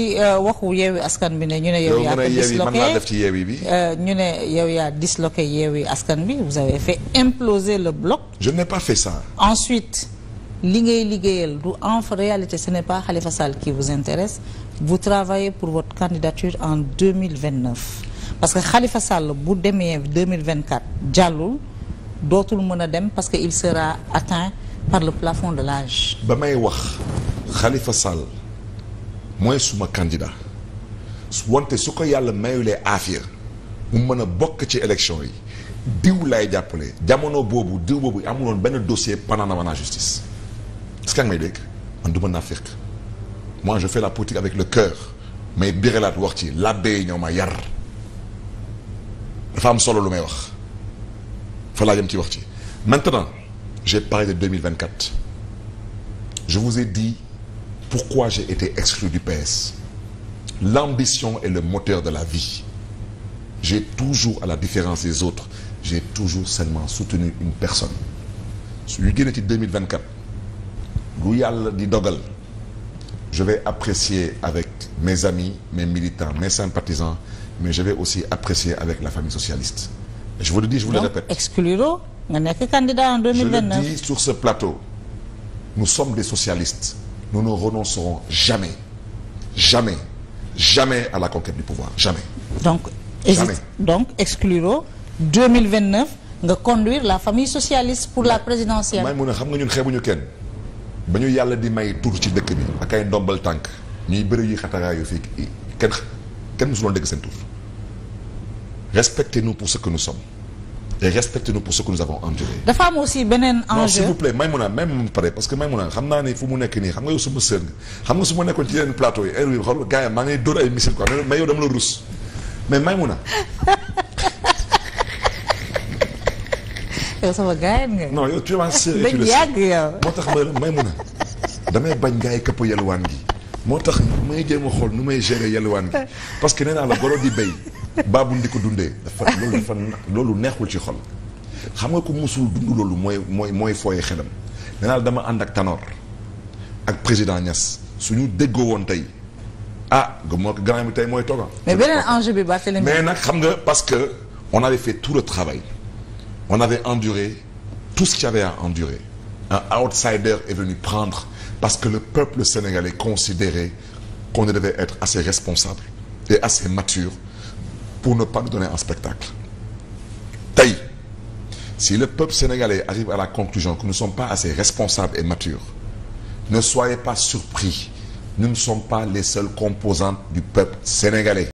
ci euh, waxu yeewi askan bi ne ñu ne bi yaa ko disloqué ñu ne yow yaa disloqué yeewi askan bi vous avez fait imploser le bloc. je n'ai pas fait ça. ensuite li ngay liggéeyal du en réalité ce n'est pas Khalifa Sall qui vous intéresse vous travaillez pour votre candidature en deux mille vingt neuf parce que Khalifa Sall bu demee deux mille vingt quatre jàllul dootul mën a dem parce que il sera atteint par le plafond de l'âge ba may wax Khalifa Sall. mooy suma candidat wante su ko yàlla mayulee aafiya mu mën a bokk ci élection yi diw laay jàppale jamono boobu diw boobu amuloon benn dossier pendant na ma justice est-ce que nga may dégg man du ma naafeq moi je la politique avec le cœur mais biralaat wax ci làbbee yi ñoo may yar dafa am solo lu may wax fa laa jëm ci wax ci maintenant j'ai parlé de 2024 je vous ai dit pourquoi j'ai été exclu du PS l'ambition est le moteur de la vie j'ai toujours à la différence des autres j'ai toujours seulement soutenu une personne suñu génne ci 2024 lu yàlla di dogal je vais apprécier avec mes amis mes militants mes sympathisants mais je vais aussi apprécier avec la famille socialiste et je vous le dis je vous Donc, le répète je le dis sur ce plateau nous sommes des socialistes nous ne renoncerons jamais, jamais, jamais à la conquête du pouvoir. Jamais. Donc, jamais. donc excluro nga conduire la famille socialiste pour la présidentielle. may mun a xam nga ñun xeebuñu kenn ba ñu yàlla di may tur ci dëkk bi ak ay ndombal tànk ñuy bëri yi xataraayu fii kenn kenn musuloon dégg seen tur respectez-nous pour ce que nous sommes. et respectez-nous pour ce que nous avons enduré. dafa am aussi beneen enjeu non s'il vous plaît Maïmouna même pare parce que Maïmouna xam naa ni fu a nekk nii xam nga yow suma sër nga xam nga su ma nekkoon ci yeneen plateau yi heure yi xool gars yi la rus mais Maïmouna. yow sama gars nga. non yow tu moo tax ma Maïmouna damay bañ gars yi këpp yalwaan gi moo tax may jéem a xool nu may gérer yalwaan gi parce que nee naa la goro di béy. baabul di ko dundee dafa loolu dafa loolu neexul ci xol xam nga ko mosul dund loolu mooy mooy mooy fooye xelam nee dama ànd ak Tanor ak président Niass suñu déggoo woon tey ah moo ko grand tey mooy tooga mais beneen enjeu nag xam nga parce que on avait fait tout le travail on avait enduré tout ce qu'il y avait à endurer un outsider est venu prendre parce que le peuple sénégalais considérait qu'on devait être assez responsable et assez mature pour ne pas nous donner en spectacle tey si le peuple sénégalais arrive à la conclusion que nous ne sommes pas assez responsables et matures ne soyez pas surpris nous ne sommes pas les seuls composantes du peuple sénégalais